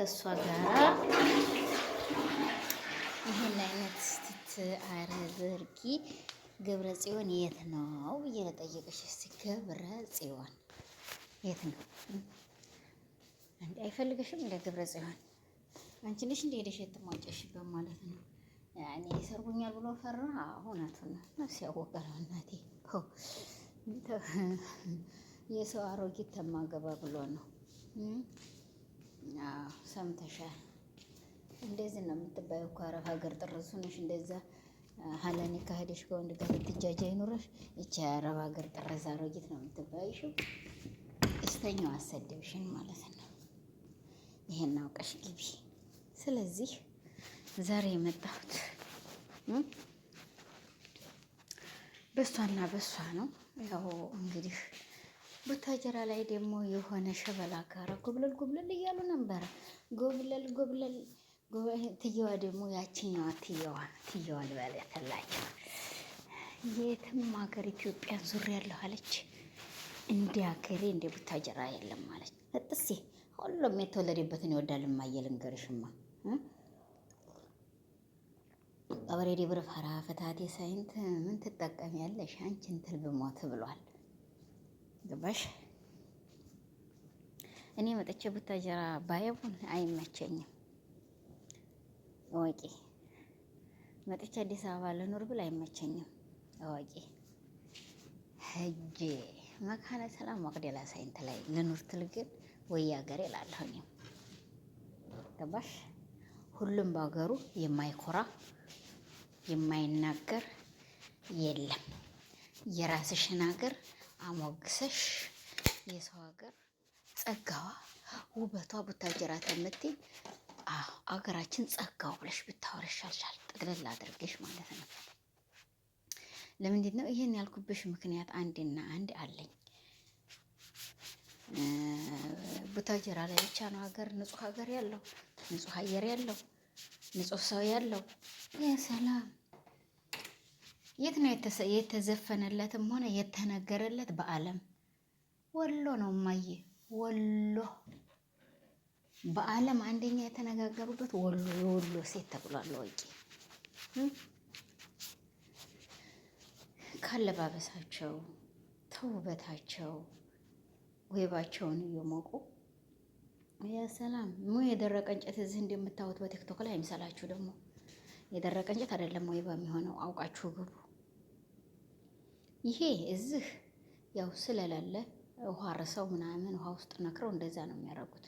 ከእሷ ጋራ ይህን አይነት ስቲት አረዝርጊ ገብረ ጽዮን የት ነው ብዬ ለጠየቀሽ፣ እስኪ ገብረ ጽዮን የት ነው እንዴ? አይፈልግሽም እንደ ገብረ ጽዮን አንቺ ነሽ እንደ ሄደሽ የተሟጨሽበት ማለት ነው። ያኔ ይሰርጉኛል ብሎ ፈራ። እውነቱን ነው ነፍስ እናቴ የሰው አሮጊት ተማገባ ብሎ ነው ሰምተሻል። እንደዚህ ነው የምትባየው እኮ አረብ ሀገር ጥርዝ ሆነሽ እንደዛ ሀላኔ ካሄደሽ ከወንድ ጋር ልትጃጃ ይኑረሽ። ይቺ አረብ ሀገር ጥርስ አሮጊት ነው የምትባይሽው። እስተኛው አሰደብሽን ማለት ነው። ይሄን አውቀሽ ግቢ። ስለዚህ ዛሬ የመጣሁት በሷና በሷ ነው ያው እንግዲህ ቡታጀራ ላይ ደግሞ የሆነ ሸበላ ጋር ጎብለል ጎብለል እያሉ ነበረ። ጎብለል ጎብለል ትየዋ ደግሞ ያችኛዋ ትየዋ ትየዋ ልበለተላቸው የትም ሀገር ኢትዮጵያን ዙር ያለሁ አለች። እንደ ሀገሬ እንደ ቡታጀራ የለም አለች። እጥሴ ሁሉም የተወለደበትን ይወዳል። ማየል እንገርሽማ ቀበሬ ደብረ ፋራ ፍታቴ ሳይንት ምን ትጠቀሚያለሽ አንቺ እንትን ብሞት ብሏል። ገባሽ? እኔ መጥቼ ቡታጀራ ባየቡን አይመቸኝም። እወቂ። መጥቼ አዲስ አበባ ልኑር ብል አይመቸኝም። እወቂ። ሂጄ መካነ ሰላም ዋቅዴላ ሳይንት ላይ ልኑር ትል ግን ወይ ሀገር እላለሁ። እኔም ገባሽ? ሁሉም በሀገሩ የማይኮራ የማይናገር የለም። የራስሽን ሀገር አሞግሰሽ የሰው ሀገር ጸጋዋ ውበቷ ቡታጀራ ተመትኝ አገራችን ጸጋው ብለሽ ብታወረሽ አልሻል ጠቅለል አድርገሽ ማለት ነው። ለምንድን ነው ይሄን ያልኩብሽ ምክንያት አንድና አንድ አለኝ። ቡታጀራ ላይ ብቻ ነው ሀገር ንጹህ ሀገር ያለው ንጹህ አየር ያለው ንጹህ ሰው ያለው የሰላም የት ነው የተዘፈነለትም ሆነ የተነገረለት በዓለም? ወሎ ነው ማየ ወሎ በዓለም አንደኛ የተነጋገሩበት ወሎ የወሎ ሴት ተብሏል። ወቂ ካለባበሳቸው ተውበታቸው ወይባቸውን እየሞቁ ሰላም ሙ የደረቀ እንጨት እዚህ እንደምታዩት በቲክቶክ ላይ አይምሰላችሁ። ደግሞ የደረቀ እንጨት አይደለም ወይባ የሚሆነው አውቃችሁ ግቡ። ይሄ እዚህ ያው ስለሌለ ውሃ ርሰው ምናምን ውሃ ውስጥ ነክረው እንደዛ ነው የሚያደርጉት።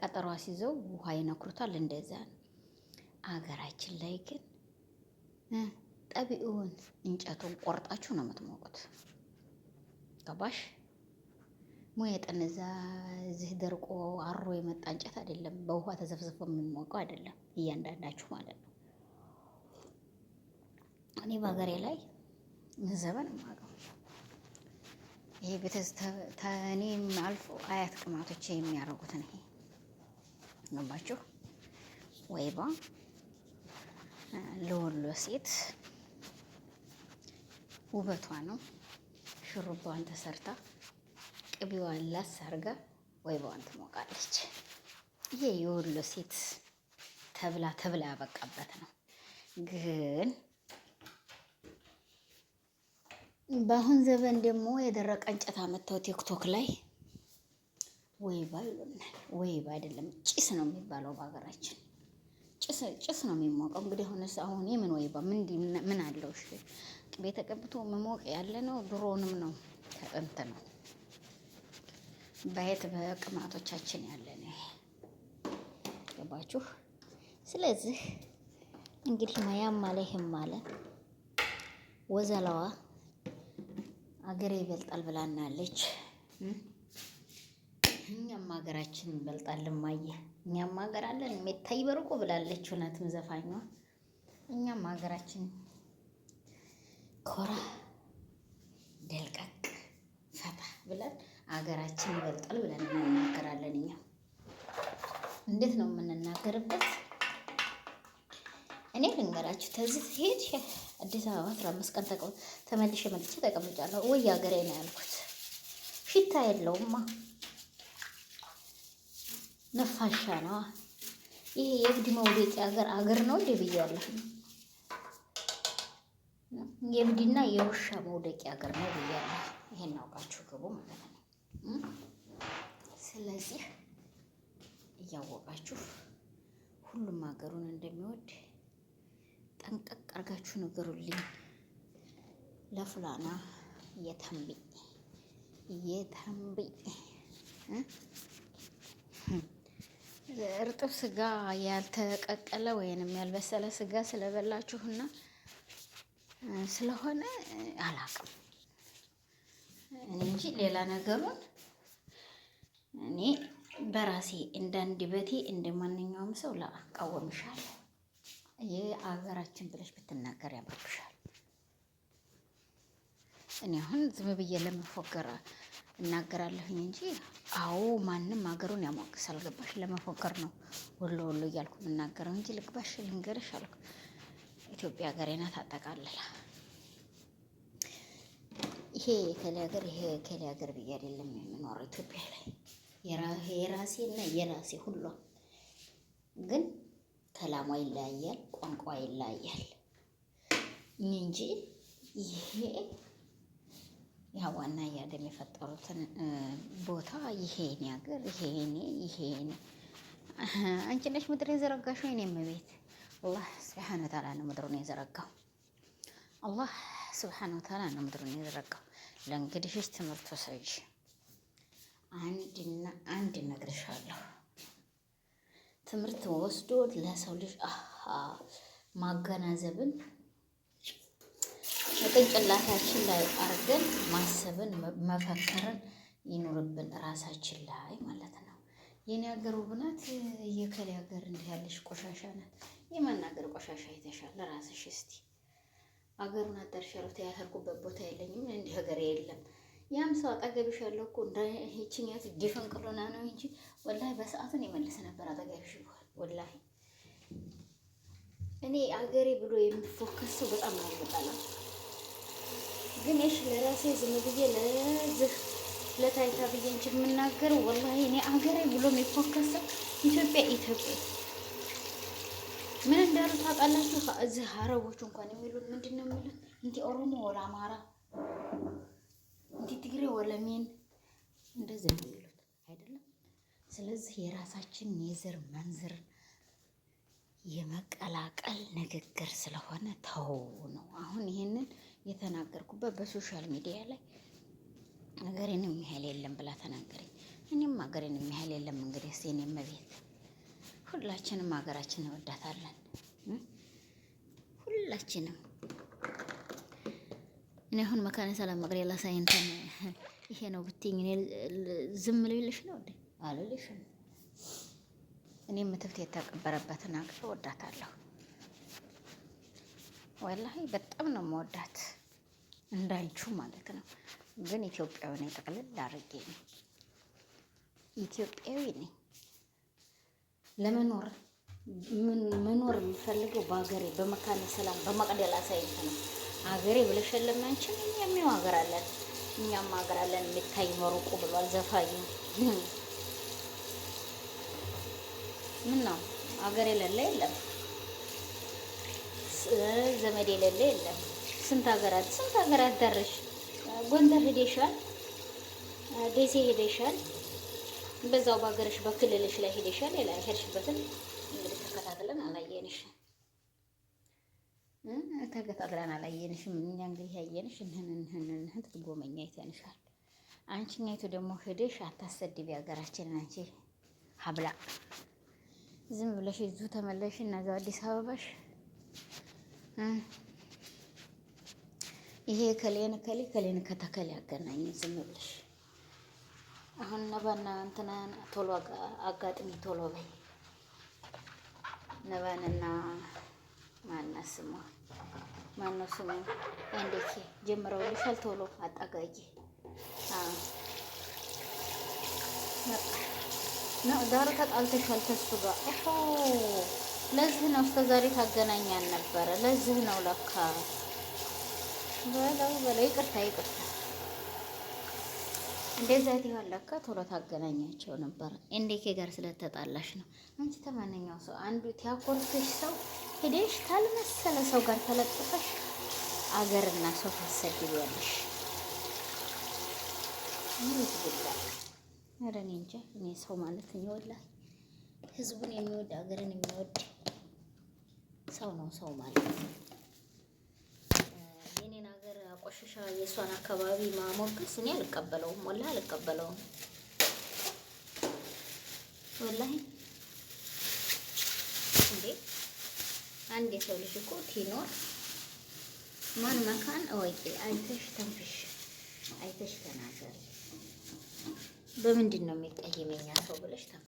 ቀጠሯ ሲዘው ውሃ ይነክሩታል። እንደዛ ነው። አገራችን ላይ ግን ጠቢኡን እንጨቱን ቆርጣችሁ ነው የምትሞቁት። ገባሽ? ሙየ ጠነዛ እዚህ ደርቆ አሮ የመጣ እንጨት አይደለም። በውሃ ተዘፍዝፎ የምንሞቀው አይደለም። እያንዳንዳችሁ ማለት ነው። እኔ በሀገሬ ላይ ዘበን ማቀው ይሄ ቤተስ ተኔም አልፎ አያት ቅማቶች የሚያደርጉትን ይሄ ገባችሁ? ወይባ ለወሎ ሴት ውበቷ ነው። ሹሩባዋን ተሰርታ ቅቤዋን ላሳርጋ ወይባዋን ትሞቃለች። ይሄ የወሎ ሴት ተብላ ተብላ ያበቃበት ነው ግን በአሁን ዘበን ደግሞ የደረቀ እንጨት አመጥተው ቲክቶክ ላይ ወይባ ይሉናል። ወይባ አይደለም ጭስ ነው የሚባለው በሀገራችን ጭስ ነው የሚሞቀው። እንግዲህ አሁን አሁን የምን ወይባ ምን አለው? እሺ ቅቤ ተቀብቶ መሞቅ ያለ ነው። ድሮንም ነው ከጥንት ነው በየት በቅማቶቻችን ያለ ነው። ገባችሁ? ስለዚህ እንግዲህ ማያም አለ ይህም አለ ወዘላዋ አገሬ ይበልጣል ብላናለች። እኛም ሀገራችን ይበልጣል እማዬ፣ እኛም ሀገር አለን ሜታይ በርቆ ብላለች። እውነትም ዘፋኟ እኛም ሀገራችን ኮራ ደልቀቅ ፈታ ብለን ሀገራችን ይበልጣል ብለን እንናገራለን። እኛም እንዴት ነው የምንናገርበት? እኔ ልንገራችሁ ተዚህ ሄድ አዲስ አበባ አስራ አምስት ቀን ተቀም ተመልሼ መጥቼ ተቀምጫለሁ። ወይ ሀገሬ ነው ያልኩት። ሽታ የለውማ ነፋሻ ነዋ። ይሄ የእብድ መውደቂ ሀገር አገር ነው እንዴ ብያለሁ። የእብድና የውሻ መውደቂ ሀገር ነው ብያለሁ። ይሄን አውቃችሁ ግቡ ማለት ነው። ስለዚህ እያወቃችሁ ሁሉም ሀገሩን እንደሚወድ ጠንቀቅ አርጋችሁ ንገሩልኝ። ለፍላና የተንብይ የተንብይ እርጥብ ስጋ ያልተቀቀለ ወይንም ያልበሰለ ስጋ ስለበላችሁና ስለሆነ አላቅም እንጂ ሌላ ነገሩን እኔ በራሴ እንዳንድ በቴ እንደ ማንኛውም ሰው ላቃወምሻለሁ። የአገራችን ብለሽ ብትናገር ያምርብሻል። እኔ አሁን ዝም ብዬ ለመፎገር እናገራለሁኝ እንጂ አዎ ማንም ሀገሩን ያሟቅስ ገባሽ ለመፎገር ነው ወሎ ወሎ እያልኩ የምናገረው እንጂ ልግባሽ ልንገርሽ አልኩ። ኢትዮጵያ ሀገሬ ናት አጠቃልላ ይሄ የከሌ ሀገር ይሄ የከሌ ሀገር ብዬ አይደለም የምኖረው ኢትዮጵያ ላይ የራሴና የራሴ ሁሉም ግን ከላሟ ይለያያል፣ ቋንቋ ይለያያል እንጂ ይሄ ያዋና እያደም የፈጠሩትን ቦታ ይሄ የእኔ ሀገር ይሄ የእኔ ይሄ የእኔ አንቺ ነሽ ምድር የዘረጋሽው የእኔም ቤት አላህ ስብሓነ ወተዓላ ነው ምድሩን የዘረጋው። አላህ ስብሓነ ወተዓላ ነው ምድሩን የዘረጋው። ለእንግዲህ ትምህርት ወሰጅ አንድና አንድ እነግርሻለሁ። ትምህርት ወስዶ ለሰው ልጅ ማገናዘብን ጭንቅላታችን ላይ አርገን ማሰብን መፈከርን ይኑርብን ራሳችን ላይ ማለት ነው። የኔ ሀገር ውብናት የከሌ ሀገር እንዲህ ያለሽ ቆሻሻ ናት። የመናገር ቆሻሻ ይተሻል ራስሽ እስቲ አገሩን አዳርሸሩት ያልኩበት ቦታ የለኝም እንዲህ ሀገር የለም ያም ሰው አጠገብሽ ያለው እኮ እንደ ይችኛት ዲፈንቅሎና ነው እንጂ ወላሂ በሰዓቱን የመለሰ ነበር። አጠገብሽ ይሆል ወላሂ እኔ አገሬ ብሎ የሚፎከስ ሰው በጣም ነው ይመጣላል። ግን እሺ ለራሴ ዝም ብዬ ለዝህ ለታይታ ብዬ እንጂ የምናገረው ወላሂ እኔ አገሬ ብሎ የሚፎከስ ኢትዮጵያ ኢትዮጵያ ምን እንዳሉ ታውቃላችሁ? እዚህ አረቦች እንኳን የሚሉት ምንድን ነው የሚሉት እንዲ ኦሮሞ ወላ አማራ እንዲ ትግሬ ወለሜን እንደዚህ ነው የሚሉት አይደለም። ስለዚህ የራሳችን የዘር መንዝር የመቀላቀል ንግግር ስለሆነ ተው ነው። አሁን ይሄንን የተናገርኩበት በሶሻል ሚዲያ ላይ ሀገሬን የሚያህል የለም ብላ ተናገረኝ። እኔም ሀገሬን የሚያህል የለም እንግዲህ እስቴን የመቤት ሁላችንም ሀገራችን እንወዳታለን ሁላችንም እኔ አሁን መካነ ሰላም መቅደላ ሳይንተን ይሄ ነው ብትይኝ እኔ ዝም ልልሽ ነው እንዴ? አልልሽም። እኔ ምትብት የተቀበረበትን አቅፍ ወዳታለሁ። ወላሂ በጣም ነው መወዳት እንዳንቹ ማለት ነው። ግን ኢትዮጵያዊ ነኝ፣ ጠቅልል አድርጌ ነው ኢትዮጵያዊ ነኝ። ለመኖር መኖር የምፈልገው በሀገሬ በመካነ ሰላም በመቅደላ ሳይንት ነው። ሀገሬ ብለሽ የለም አንቺም እኛም አገር ሀገር አለን እኛም ሀገር አለን የሚታይ መሩቁ ብሏል ዘፋኝ ምን ነው ሀገር የሌለ የለም፣ ዘመድ የለለ የለም። ስንት ሀገራት ስንት ሀገራት ደረሽ። ጎንደር ሄደሻል፣ ደሴ ሄደሻል፣ በዛው በሀገርሽ በክልልሽ ላይ ሄደሻል። ሌላ ሄድሽበትን እንግዲህ ተከታትለን አላየንሽም ተገጣጥረን አላየንሽም። እኛ እንግዲህ ያየንሽ እንህን እንህን እንህን ትጎመኛ ይተንሻል። አንቺኛይቱ ደግሞ ሄደሽ አታሰድቢ ሀገራችንን። አንቺ ሀብላ ዝም ብለሽ እዙ ተመለሽ እና እዛው አዲስ አበባሽ ይሄ ከሌን ከሌ ከሌን ከተከል ያገናኝ ዝም ብለሽ አሁን ነባና እንትና ቶሎ አጋጥሚ ቶሎ በይ ነባንና ማናስሟል ማነው ስሙ እንዴት ጀምረውልሻል? ቶሎ አጣጋጊ ዳሩ ተጣልተሻል ተሱ ጋር ለዚህ ነው እስከዛሬ ታገናኛል ነበረ። ለዚህ ነው ለካ በለው በለው። ይቅርታ ይቅርታ፣ እንደዛ ይሆን ለካ ቶሎ ታገናኛቸው ነበረ። እንዴ ከጋር ስለተጣላሽ ነው። አንቺ ተማንኛው ሰው አንዱ ቲያኮርቶች ሰው ሄደሽ ታልመሰለ ሰው ጋር ተለጥፈሽ አገርና ሰው ታሰድቢያለሽ። ምሩት ብላ ኧረ እኔ እንጃ። እኔ ሰው ማለት የሚወላ ህዝቡን የሚወድ አገርን የሚወድ ሰው ነው ሰው ማለት የኔን ሀገር አቆሸሻ የእሷን አካባቢ ማሞገስ እኔ አልቀበለውም፣ ወላ አልቀበለውም። ወላሂ እንዴ አንድ የሰው ልጅ እኮ ቲኖር ማን መካን እወቂ። አይተሽ ተንፍሽ፣ አይተሽ ተናገሪ። በምንድን ነው የሚቀይመኛ ሰው ብለሽ